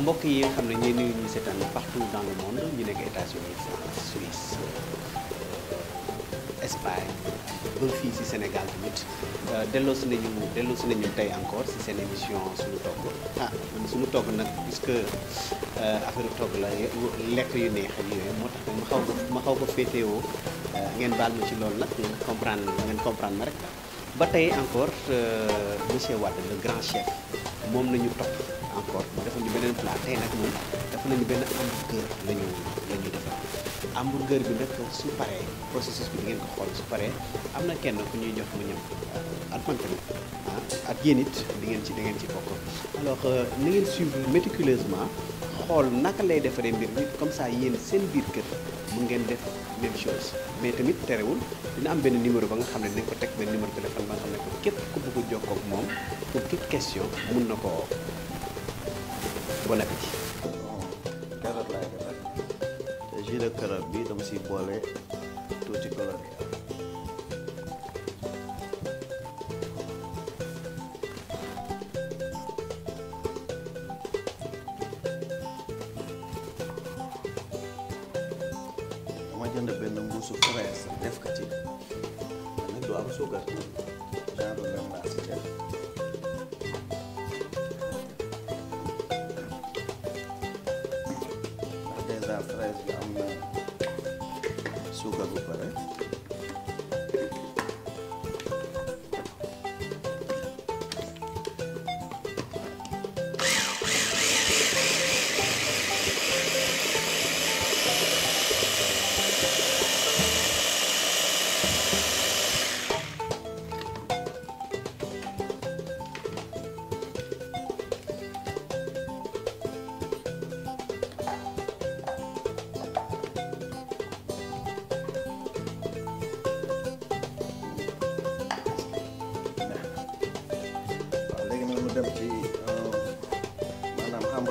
mbokk yi nga xam ne ñooy nuyu ñu seetaan partout dans le monde ñu nekk États-Unis France Suisse euh, Espagne ba fii ci Sénégal tamit euh, delloosi nañu delloosi nañu tey encore ci seen émission suñu togg ah suñu togg nag puisque euh, affaire togg la lekk yu neex ak yooyu moo tax ma xaw ko ma xaw ko ngeen baal ma ci loolu nag ngeen comprendre ngeen comprendre ma rek ba tey encore monsieur Wade le grand chef moom nañu topp encore defuñu beneen plat tey nag moom def nañu benn hamburger lañu lañu defar hamburger bi nag su paree processus bi ngeen ko xool su paree am na kenn ku ñuy jox mu ñam ak man tamit ah ak yéen it di ngeen ci di ngeen ci bokk alors ni ngeen suivre méticuleusement xool naka lay defaree mbir mi comme ça yéen seen biir kër mu ngeen def même chose mais tamit dina am benn numéro ba nga xam ne dinañ ko teg benn numéro téléphone ba nga xam ne képp ku bëgg moom pour toute question mun na ko bon appétit. carotte laay defar te jus de carotte bi dama siy boole tuuti coloré.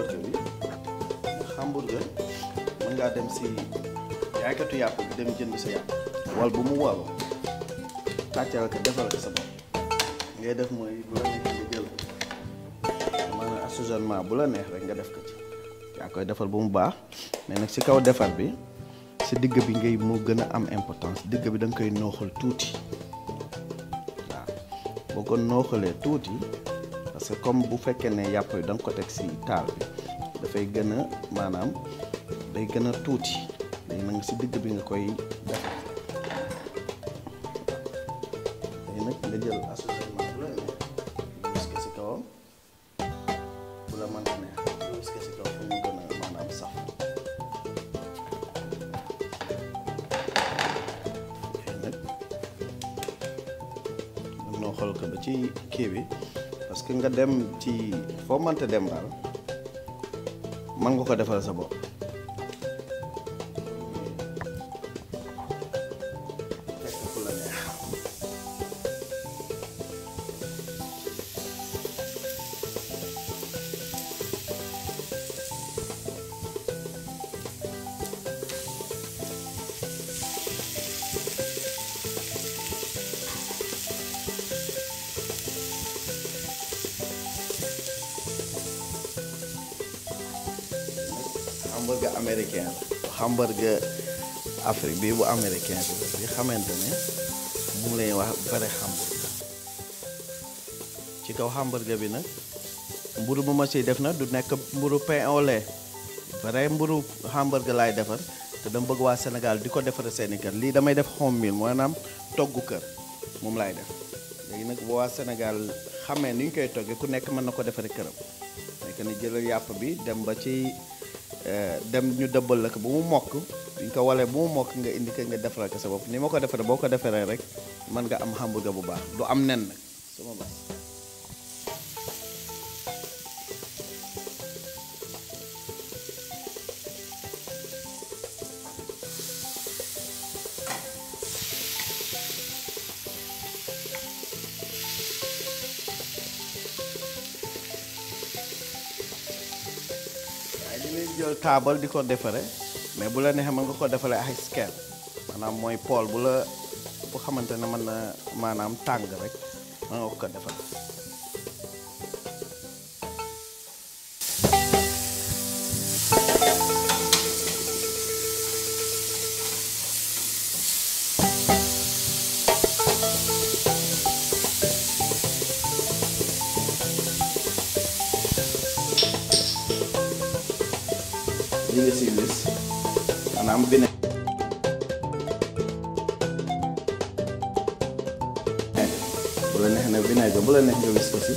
hamburger bi hamburger man nga dem ci jaaykatu yàpp bi dem jënd sa yàpp ya. wal bu mu wal tàccal ko defal ko sa bop ngay def moy bu la nek ci jël man assaisonnement bu la neex rek nga def ko ci ya koy defal bu mu baax mais nak ci kaw defal bi ci digg bi ngay mo gëna am importance digg bi dang koy noxal touti waaw nah, boo ko nooxalee ya parce que comme bu fekkee ne yapp yi dang ko tek ci tal bi da fay gëna manam day gëna a day nang ci digg bi nga koy def léegi nag nga jël assaisonnement la parce que bu la parce que nga dem ci foo mënta dem daal mën nga ko defal sa bopp hamburger américain hamburger Afrique bi bu américain bi nga xamante mu lay wax bare hamburger ci kaw hamburger bi nak mburu bu ma siy def na du nek mburu pain au lait bare mburu hamburger lay defar te dama bëgg wa Sénégal diko ko seen kër li damay def moy nam toggu kër moom lay def léegi nak bo wa Sénégal xamé ni ñu koy toggé ku nek man nako ko defare nek ni jëlal yàpp bi dem ba ci Eh, dem ñu dëbbal la ko bu mu mokk ñu ko walee bu mu mokk nga indi ko nga defaral ko sa bopp ni ma ko defaree boo ko defaree rek mën nga am hamburger bu baax du am nen nag taabal di ko defare mais bu la neexee ma nga ko defaree ay scale maanaam mooy pool bu la bu xamante ne mën na maanaam tàng rek mën nga ko defal bu la neex nag vinaigre bu la neex nga wis ko si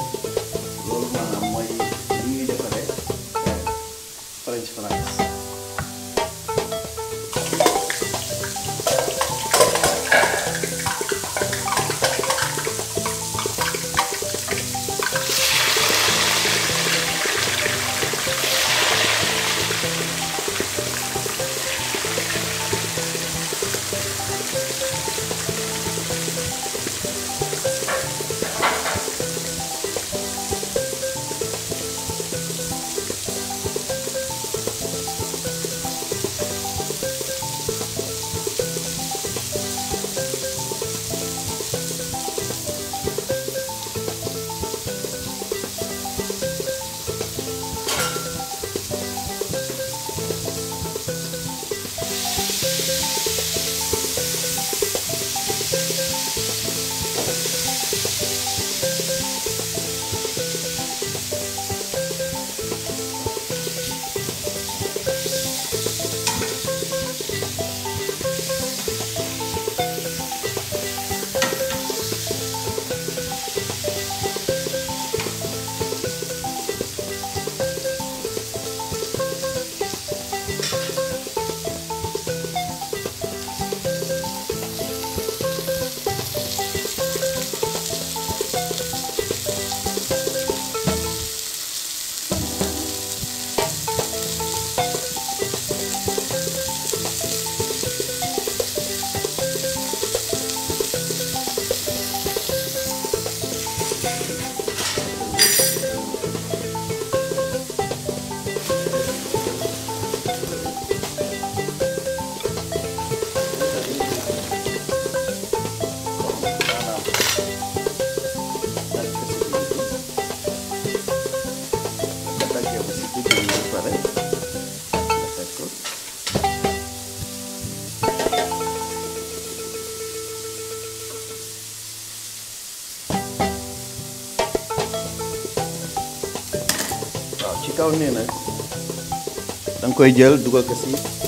angkoy gel jël kasih.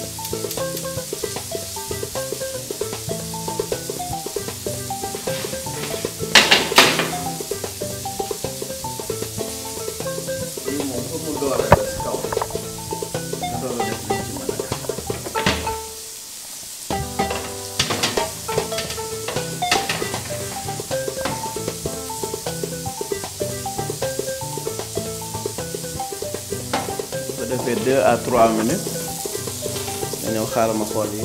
3 minutes dañoo xaaral ma xool yi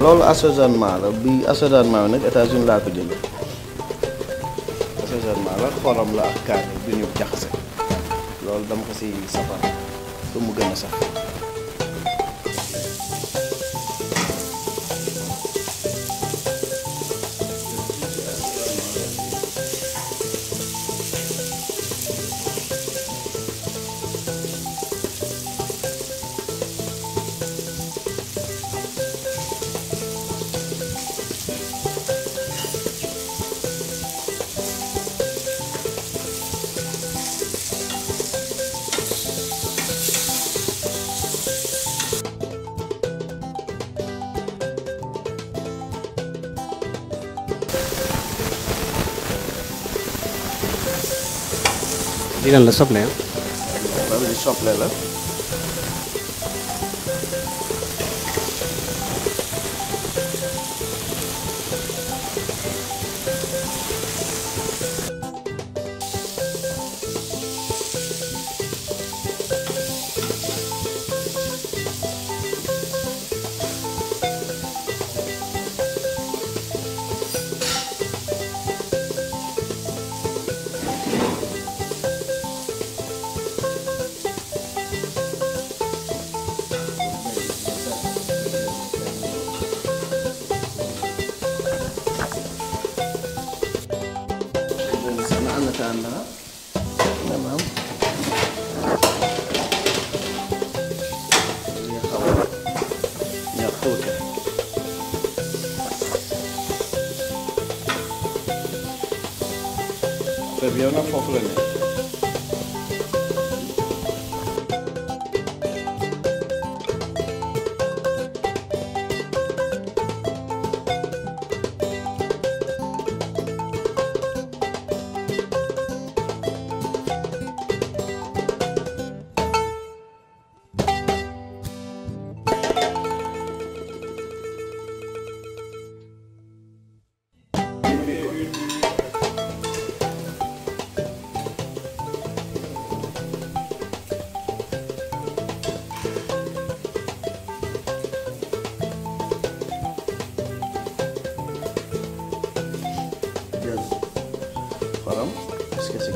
loolu assaisonnement la bi assaisonnement bi nag États-Unis laa ko jëlee assaisonnement la xorom la ak kaani bi ñu jaxase loolu dama ko si safara lu mu gën a sax ನೀನಲ್ಲ ಸೊಪ್ಪನೆ ಸೊಪ್ಪನೆಲ್ಲ puta. Fabião não foi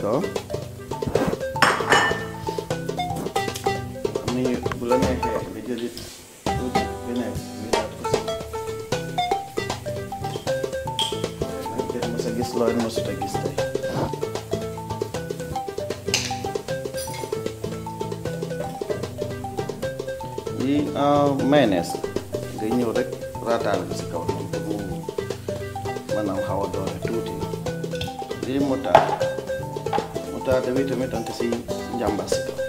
Gitu. ini bulannya kayak jadi eh, gini jadi lain masutagis di uh, menes ganyo rek rata manang hawa di gusta, te meto antes y ya básico.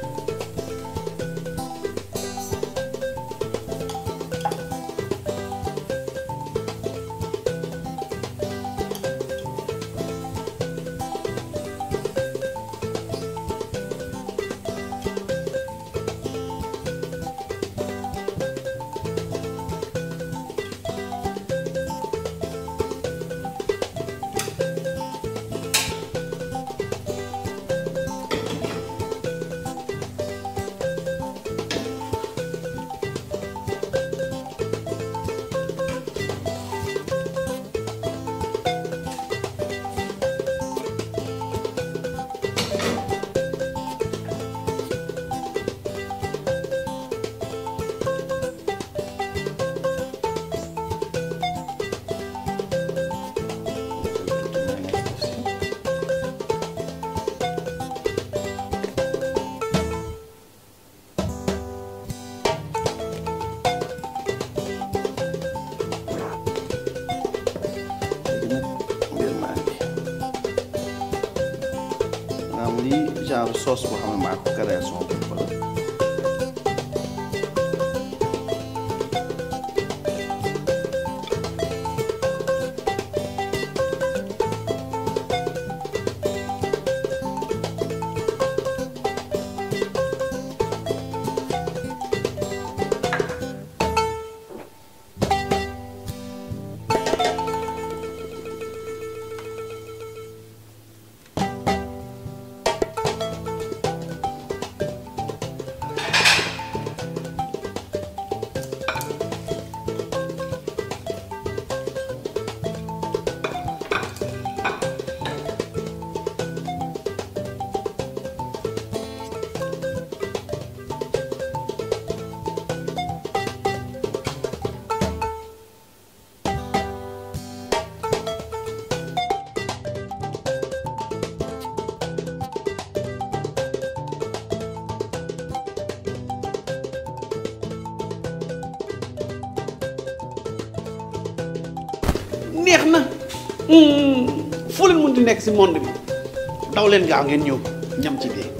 já o sócio Marco Carlos Alves. neex hmm foo leen mën di nekk si monde bi daw leen gaaw ngeen ñew ñam ci bi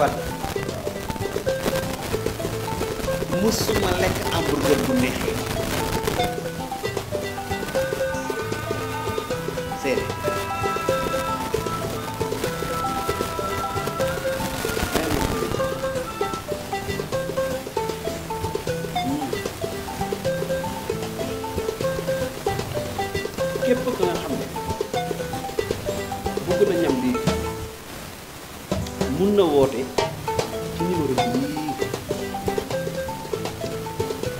fan mësuma lekk hamburger bu neexee mun na woote ci numéro bii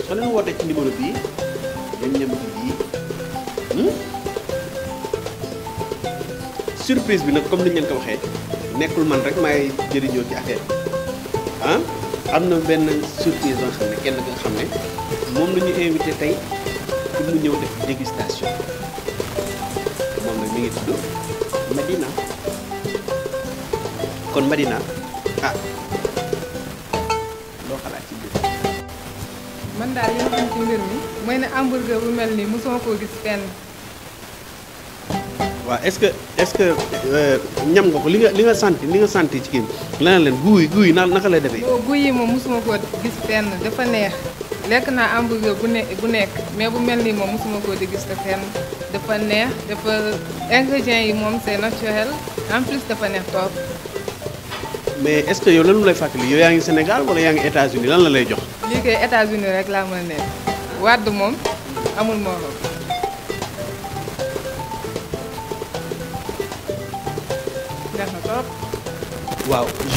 soo leen wootee ci numéro bii dañ leen ci bii hmm? surprise bi nag comme ni ñu leen ko waxee nekkul man rek maay jëriñoo ci affaire ah? am na benn surprise ba nga xam ne kenn nga xam ne moom la ñu invité tey pour mu ñëw def dégustation moom nag mi ngi tudd Medina. kon Madina ah loo xalaat ci biir. man daal li ma ci mbir mi mooy ne hamburger bu mel nii mosuma koo gis fenn. waaw est-ce que est-ce que euh, ñam nga ko li nga li nga sant li ci kii bi lan leen guy guy na naka lay defee. yi moom mosuma gis fenn dafa neex lekk naa hamburger bu ne nekk mais bu mel nii moom mosuma koo di gis te dafa neex dafa ingrédients yi moom c'est naturel en plus dafa neex trop. mais est-ce que yow lan lay fàttali yow yaa ngi Sénégal wala yaa ngi États-Unis lan la lay jox. lii kay États-Unis rek laa mën a wàdd moom amul morom.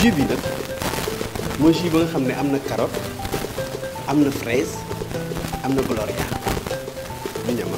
neex bi nag ba nga xam ne am na carotte am na fraise am na gloria bu ñama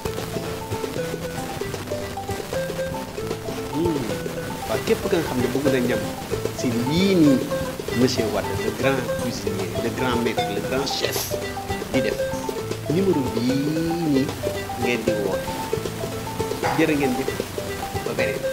képp ki nga xam ne bëgg na njam si lii nii monsieur Wade le grand cuisinier le grand maître le grand chef di def numéro bi ni ngeen di woote jere ngeen di ba beneen